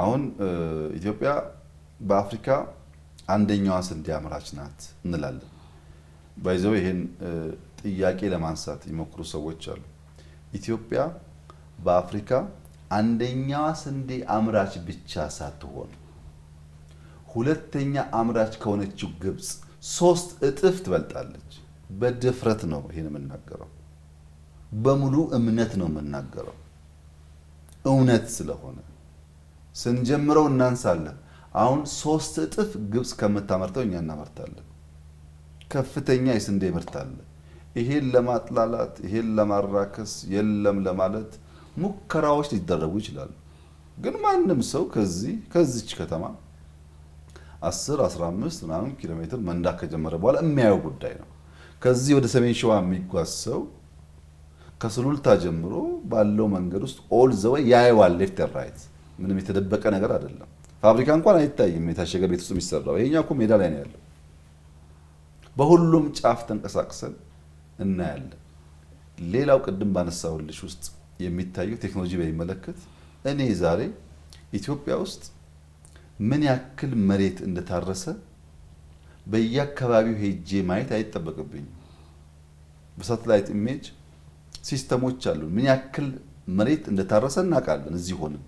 አሁን ኢትዮጵያ በአፍሪካ አንደኛዋ ስንዴ አምራች ናት እንላለን። ባይዘው ይሄን ጥያቄ ለማንሳት የሞክሩ ሰዎች አሉ። ኢትዮጵያ በአፍሪካ አንደኛዋ ስንዴ አምራች ብቻ ሳትሆን ሁለተኛ አምራች ከሆነችው ግብፅ ሶስት እጥፍ ትበልጣለች። በድፍረት ነው ይሄን የምናገረው፣ በሙሉ እምነት ነው የምናገረው እውነት ስለሆነ ስንጀምረው እናንሳለን። አሁን ሶስት እጥፍ ግብጽ ከምታመርተው እኛ እናመርታለን። ከፍተኛ የስንዴ ምርት አለ። ይሄን ለማጥላላት ይሄን ለማራከስ የለም ለማለት ሙከራዎች ሊደረጉ ይችላሉ። ግን ማንም ሰው ከዚህ ከዚች ከተማ 10 15 ምናምን ኪሎ ሜትር መንዳት ከጀመረ በኋላ የሚያየው ጉዳይ ነው። ከዚህ ወደ ሰሜን ሸዋ የሚጓዝ ሰው ከስሉልታ ጀምሮ ባለው መንገድ ውስጥ ኦል ዘ ያየዋል ሌፍት ራይት ምንም የተደበቀ ነገር አይደለም። ፋብሪካ እንኳን አይታይም የታሸገ ቤት ውስጥ የሚሰራው ይሄኛ እኮ ሜዳ ላይ ነው ያለው። በሁሉም ጫፍ ተንቀሳቅሰን እናያለን። ሌላው ቅድም ባነሳሁልሽ ውስጥ የሚታየው ቴክኖሎጂ በሚመለከት እኔ ዛሬ ኢትዮጵያ ውስጥ ምን ያክል መሬት እንደታረሰ በየአካባቢው ሄጄ ማየት አይጠበቅብኝም። በሳተላይት ኢሜጅ ሲስተሞች አሉ። ምን ያክል መሬት እንደታረሰ እናውቃለን እዚህ ሆንም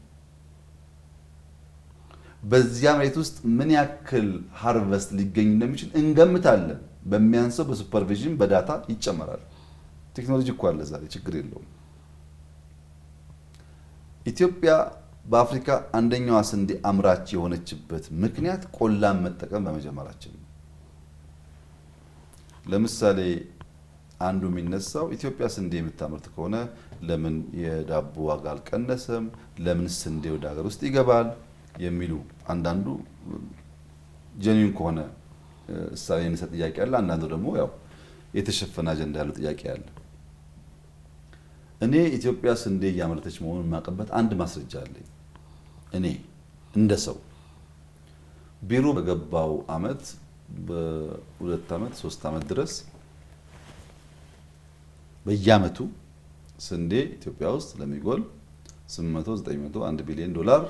በዚያ መሬት ውስጥ ምን ያክል ሃርቨስት ሊገኝ እንደሚችል እንገምታለን። በሚያንሰው በሱፐርቪዥን በዳታ ይጨመራል። ቴክኖሎጂ እኮ አለ ዛሬ፣ ችግር የለውም። ኢትዮጵያ በአፍሪካ አንደኛዋ ስንዴ አምራች የሆነችበት ምክንያት ቆላን መጠቀም በመጀመራችን ነው። ለምሳሌ አንዱ የሚነሳው ኢትዮጵያ ስንዴ የምታመርት ከሆነ ለምን የዳቦ ዋጋ አልቀነሰም? ለምን ስንዴ ወደ ሀገር ውስጥ ይገባል? የሚሉ አንዳንዱ ጀኒን ከሆነ እሳቤ የሚሰጥ ጥያቄ አለ። አንዳንዱ ደግሞ ያው የተሸፈነ አጀንዳ ያለው ጥያቄ አለ። እኔ ኢትዮጵያ ስንዴ እያመረተች መሆኑን የማውቅበት አንድ ማስረጃ አለኝ። እኔ እንደ ሰው ቢሮ በገባው አመት በሁለት አመት ሶስት አመት ድረስ በየአመቱ ስንዴ ኢትዮጵያ ውስጥ ለሚጎል 8 900 1 ቢሊዮን ዶላር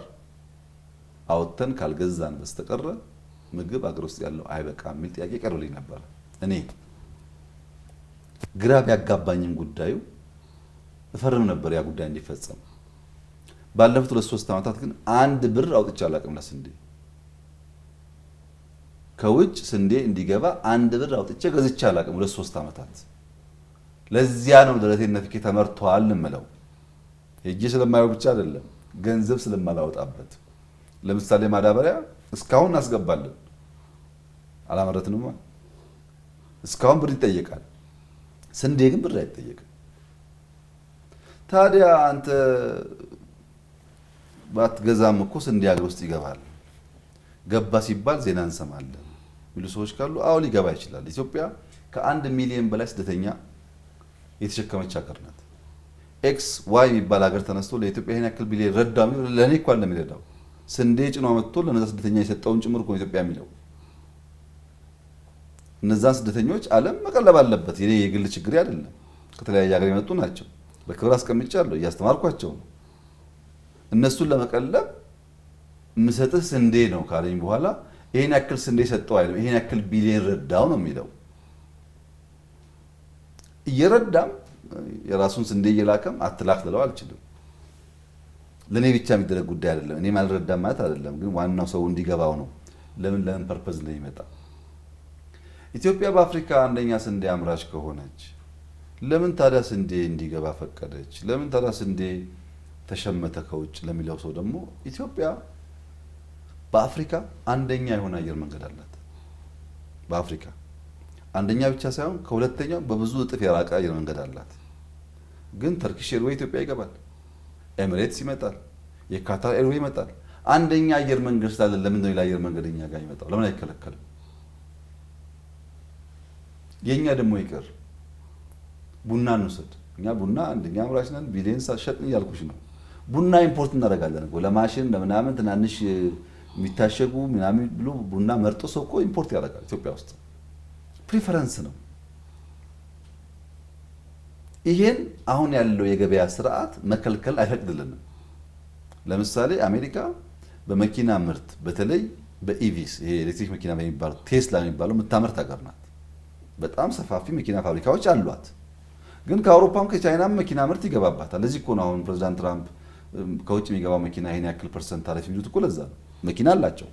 አውጥተን ካልገዛን በስተቀረ ምግብ አገር ውስጥ ያለው አይበቃ የሚል ጥያቄ ቀርብልኝ ነበር። እኔ ግራ ቢያጋባኝም ጉዳዩ እፈርም ነበር ያ ጉዳይ እንዲፈጸም። ባለፉት ሁለት ሶስት ዓመታት ግን አንድ ብር አውጥቼ አላቅም ለስንዴ ከውጭ ስንዴ እንዲገባ አንድ ብር አውጥቼ ገዝቼ አላቅም ሁለት ሶስት ዓመታት። ለዚያ ነው ደረቴ ነፍኬ ተመርቷል እምለው ሄጄ ስለማየው ብቻ አይደለም ገንዘብ ስለማላወጣበት ለምሳሌ ማዳበሪያ እስካሁን እናስገባለን፣ አላመረትንማ። እስካሁን ብር ይጠየቃል። ስንዴ ግን ብር አይጠየቅም። ታዲያ አንተ ባትገዛም እኮ ስንዴ ሀገር ውስጥ ይገባል። ገባ ሲባል ዜና እንሰማለን የሚሉ ሰዎች ካሉ አዎ ሊገባ ይችላል። ኢትዮጵያ ከአንድ ሚሊዮን በላይ ስደተኛ የተሸከመች ሀገር ናት። ኤክስ ዋይ የሚባል ሀገር ተነስቶ ለኢትዮጵያ ይህን ያክል ቢሊዮን ረዳ ለእኔ እኳ እንደሚረዳው ስንዴ ጭኖ መጥቶ ለነዛ ስደተኛ የሰጠውን ጭምር እኮ ኢትዮጵያ የሚለው እነዛን ስደተኞች ዓለም መቀለብ አለበት። የኔ የግል ችግር አይደለም። ከተለያየ ሀገር የመጡ ናቸው። በክብር አስቀምጫለሁ፣ እያስተማርኳቸው ነው። እነሱን ለመቀለብ ምሰጥህ ስንዴ ነው ካለኝ በኋላ ይሄን ያክል ስንዴ ሰጠው አይልም። ይሄን ያክል ቢሊየን ረዳው ነው የሚለው። እየረዳም የራሱን ስንዴ እየላከም አትላክ ልለው አልችልም። ለእኔ ብቻ የሚደረግ ጉዳይ አይደለም። እኔ ማልረዳ ማለት አይደለም፣ ግን ዋናው ሰው እንዲገባው ነው። ለምን ለምን ፐርፐዝ ነው ይመጣ ኢትዮጵያ በአፍሪካ አንደኛ ስንዴ አምራች ከሆነች ለምን ታዲያ ስንዴ እንዲገባ ፈቀደች? ለምን ታዲያ ስንዴ ተሸመተ ከውጭ ለሚለው ሰው ደግሞ ኢትዮጵያ በአፍሪካ አንደኛ የሆነ አየር መንገድ አላት። በአፍሪካ አንደኛ ብቻ ሳይሆን ከሁለተኛው በብዙ እጥፍ የራቀ አየር መንገድ አላት። ግን ተርኪሽ ኤርዌይ ኢትዮጵያ ይገባል። ኤሚሬትስ ይመጣል፣ የካታር ኤርዌ ይመጣል። አንደኛ አየር መንገድ ስላለን ለምን ነው ሌላ አየር መንገድ እኛ ጋር ይመጣው? ለምን አይከለከልም? የእኛ ደግሞ ይቅር። ቡና እንውሰድ። እኛ ቡና አንደኛ አምራች ነን፣ ቢሊየንስ ሸጥን እያልኩሽ ነው። ቡና ኢምፖርት እናደርጋለን እኮ ለማሽን ለምናምን ትናንሽ የሚታሸጉ ምናምን ብሎ ቡና መርጦ ሰው እኮ ኢምፖርት ያደርጋል ኢትዮጵያ ውስጥ ፕሪፈረንስ ነው። ይሄን አሁን ያለው የገበያ ስርዓት መከልከል አይፈቅድልንም። ለምሳሌ አሜሪካ በመኪና ምርት በተለይ በኢቪስ ይሄ ኤሌክትሪክ መኪና በሚባል ቴስላ የሚባለው የምታመርት ሀገር ናት። በጣም ሰፋፊ መኪና ፋብሪካዎች አሏት። ግን ከአውሮፓም ከቻይናም መኪና ምርት ይገባባታል። ለዚህ እኮ ነው አሁን ፕሬዚዳንት ትራምፕ ከውጭ የሚገባው መኪና ይሄን ያክል ፐርሰንት አለፍ የሚሉት እኮ ለዛ ነው። መኪና አላቸው።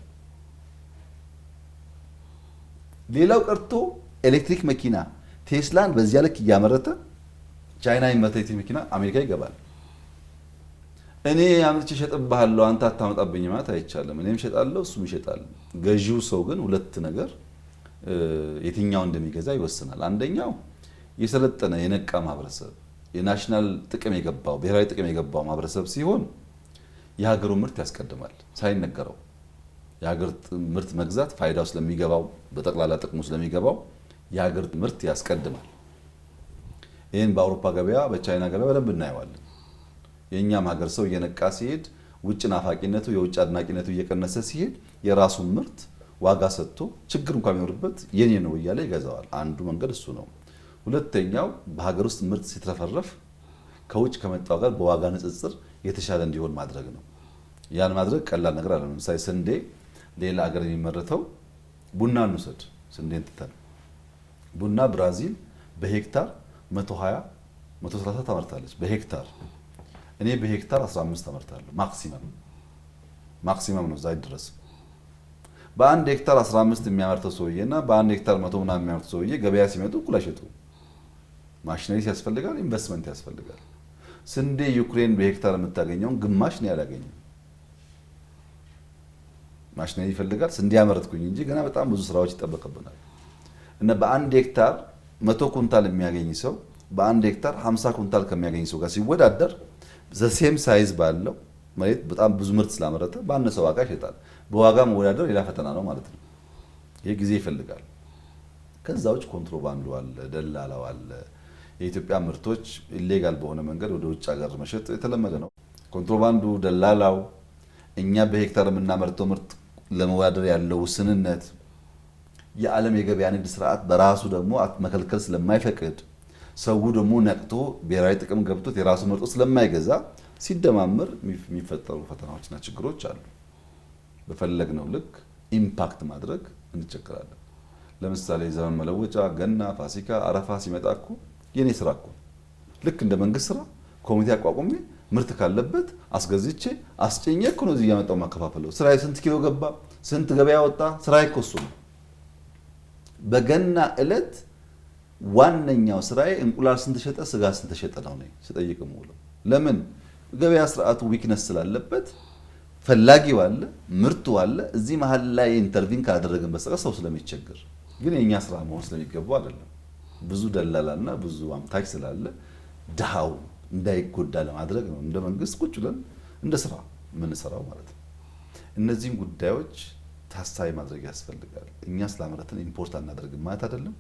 ሌላው ቀርቶ ኤሌክትሪክ መኪና ቴስላን በዚያ ልክ እያመረተ ቻይና የሚመረት መኪና አሜሪካ ይገባል። እኔ አምርቼ እሸጥብሃለሁ አንተ አታመጣብኝ ማለት አይቻልም። እኔም ሸጣለሁ እሱም ይሸጣል። ገዢው ሰው ግን ሁለት ነገር የትኛው እንደሚገዛ ይወስናል። አንደኛው የሰለጠነ የነቃ ማህበረሰብ የናሽናል ጥቅም የገባው ብሔራዊ ጥቅም የገባው ማህበረሰብ ሲሆን የሀገሩ ምርት ያስቀድማል ሳይነገረው የሀገር ምርት መግዛት ፋይዳው ስለሚገባው በጠቅላላ ጥቅሙ ስለሚገባው የሀገር ምርት ያስቀድማል። ይህን በአውሮፓ ገበያ በቻይና ገበያ በደንብ እናየዋለን። የእኛም ሀገር ሰው እየነቃ ሲሄድ ውጭ ናፋቂነቱ የውጭ አድናቂነቱ እየቀነሰ ሲሄድ የራሱን ምርት ዋጋ ሰጥቶ ችግር እንኳ የሚኖርበት የኔ ነው እያለ ይገዛዋል። አንዱ መንገድ እሱ ነው። ሁለተኛው በሀገር ውስጥ ምርት ሲትረፈረፍ ከውጭ ከመጣው ጋር በዋጋ ንጽጽር የተሻለ እንዲሆን ማድረግ ነው። ያን ማድረግ ቀላል ነገር አለ። ለምሳሌ ስንዴ ሌላ ሀገር የሚመረተው ቡና እንውሰድ። ስንዴን ትተን ቡና ብራዚል በሄክታር 120 130 ታመርታለች በሄክታር እኔ በሄክታር 15 ታመርታለሁ ማክሲመም ማክሲመም ነው እዛ ድረስ በአንድ ሄክታር 15 የሚያመርተው ሰውዬ እና በአንድ ሄክታር መቶ ምናምን የሚያመርተው ሰውዬ ገበያ ሲመጡ እኩል አይሸጡም ማሽነሪ ያስፈልጋል ኢንቨስትመንት ያስፈልጋል ስንዴ ዩክሬን በሄክታር የምታገኘውን ግማሽ ነው ያላገኘው ማሽነሪ ይፈልጋል ስንዴ ያመረትኩኝ እንጂ ገና በጣም ብዙ ስራዎች ይጠበቅብናል እና በአንድ ሄክታር መቶ ኩንታል የሚያገኝ ሰው በአንድ ሄክታር 50 ኩንታል ከሚያገኝ ሰው ጋር ሲወዳደር ዘሴም ሳይዝ ባለው መሬት በጣም ብዙ ምርት ስላመረተ በአነሰ ዋጋ ይሸጣል። በዋጋ መወዳደር ሌላ ፈተና ነው ማለት ነው። ይህ ጊዜ ይፈልጋል። ከዛ ውጭ ኮንትሮባንዱ አለ፣ ደላላው አለ። የኢትዮጵያ ምርቶች ኢሌጋል በሆነ መንገድ ወደ ውጭ ሀገር መሸጥ የተለመደ ነው። ኮንትሮባንዱ፣ ደላላው፣ እኛ በሄክታር የምናመርተው ምርት ለመወዳደር ያለው ውስንነት የዓለም የገበያ ንግድ ስርዓት በራሱ ደግሞ መከልከል ስለማይፈቅድ ሰው ደግሞ ነቅቶ ብሔራዊ ጥቅም ገብቶት የራሱ መርጦ ስለማይገዛ ሲደማምር የሚፈጠሩ ፈተናዎችና ችግሮች አሉ። በፈለግነው ልክ ኢምፓክት ማድረግ እንቸገራለን። ለምሳሌ ዘመን መለወጫ፣ ገና፣ ፋሲካ፣ አረፋ ሲመጣ እኮ የኔ ስራ እኮ ልክ እንደ መንግስት ስራ ኮሚቴ አቋቁሜ ምርት ካለበት አስገዝቼ አስጨኘ እኮ ነው እዚህ እያመጣው ማከፋፈለው። ስራ ስንት ኪሎ ገባ፣ ስንት ገበያ ወጣ፣ ስራ እኮ እሱ ነው። በገና ዕለት ዋነኛው ስራዬ እንቁላል ስንተሸጠ ስጋ ስንተሸጠ ነው ነኝ ስጠይቅ የምውለው። ለምን ገበያ ስርዓቱ ዊክነስ ስላለበት ፈላጊው አለ፣ ምርቱ አለ። እዚህ መሀል ላይ ኢንተርቪን ካላደረግን በስተቀር ሰው ስለሚቸግር፣ ግን የእኛ ስራ መሆን ስለሚገባው አይደለም። ብዙ ደላላና ብዙ አምታች ስላለ ድሃው እንዳይጎዳ ለማድረግ ነው እንደ መንግስት ቁጭ ብለን እንደ ስራ የምንሰራው ማለት ነው። እነዚህም ጉዳዮች ታሳቢ ማድረግ ያስፈልጋል። እኛ ስላመረትን ኢምፖርት አናደርግም ማለት አይደለም።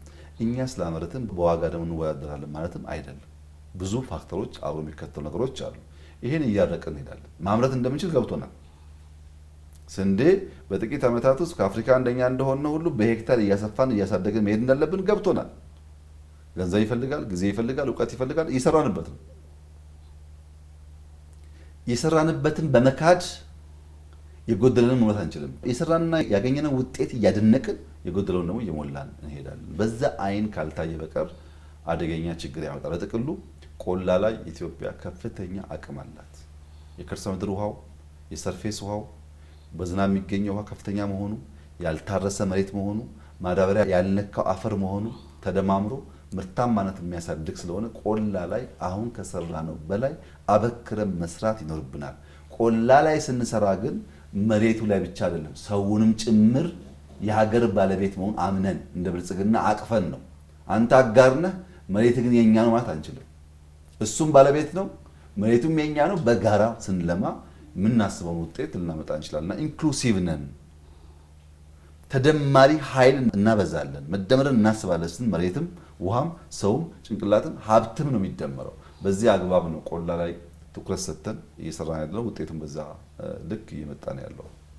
እኛ ስላመረትን በዋጋ ደግሞ እንወዳደራለን ማለትም አይደለም። ብዙ ፋክተሮች አብሮ የሚከተሉ ነገሮች አሉ። ይህን እያረቅን እንሄዳለን። ማምረት እንደምንችል ገብቶናል። ስንዴ በጥቂት ዓመታት ውስጥ ከአፍሪካ አንደኛ እንደሆነ ሁሉ በሄክታር እያሰፋን እያሳደግን መሄድ እንዳለብን ገብቶናል። ገንዘብ ይፈልጋል፣ ጊዜ ይፈልጋል፣ እውቀት ይፈልጋል። እየሰራንበት ነው። የሰራንበትን በመካድ የጎደለንን መሙላት አንችልም። የሰራንና ያገኘነው ውጤት እያደነቅን የጎደለውን ደግሞ እየሞላን እንሄዳለን። በዛ አይን ካልታየ በቀር አደገኛ ችግር ያመጣል። በጥቅሉ ቆላ ላይ ኢትዮጵያ ከፍተኛ አቅም አላት። የከርሰ ምድር ውሃው፣ የሰርፌስ ውሃው፣ በዝናብ የሚገኘው ውሃ ከፍተኛ መሆኑ፣ ያልታረሰ መሬት መሆኑ፣ ማዳበሪያ ያልነካው አፈር መሆኑ ተደማምሮ ምርታማነት የሚያሳድግ ስለሆነ ቆላ ላይ አሁን ከሰራ ነው በላይ አበክረን መስራት ይኖርብናል። ቆላ ላይ ስንሰራ ግን መሬቱ ላይ ብቻ አይደለም ሰውንም ጭምር የሀገር ባለቤት መሆን አምነን እንደ ብልጽግና አቅፈን ነው። አንተ አጋርነህ መሬት ግን የኛ ነው ማለት አንችልም። እሱም ባለቤት ነው፣ መሬቱም የኛ ነው። በጋራ ስንለማ የምናስበውን ውጤት ልናመጣ እንችላልና ኢንክሉሲቭ ነን። ተደማሪ ኃይል እናበዛለን፣ መደመርን እናስባለን ስን መሬትም፣ ውሃም፣ ሰውም፣ ጭንቅላትም ሀብትም ነው የሚደመረው። በዚህ አግባብ ነው ቆላ ላይ ትኩረት ሰጥተን እየሰራን ያለው ውጤቱን በዛ ልክ እየመጣ ነው ያለው።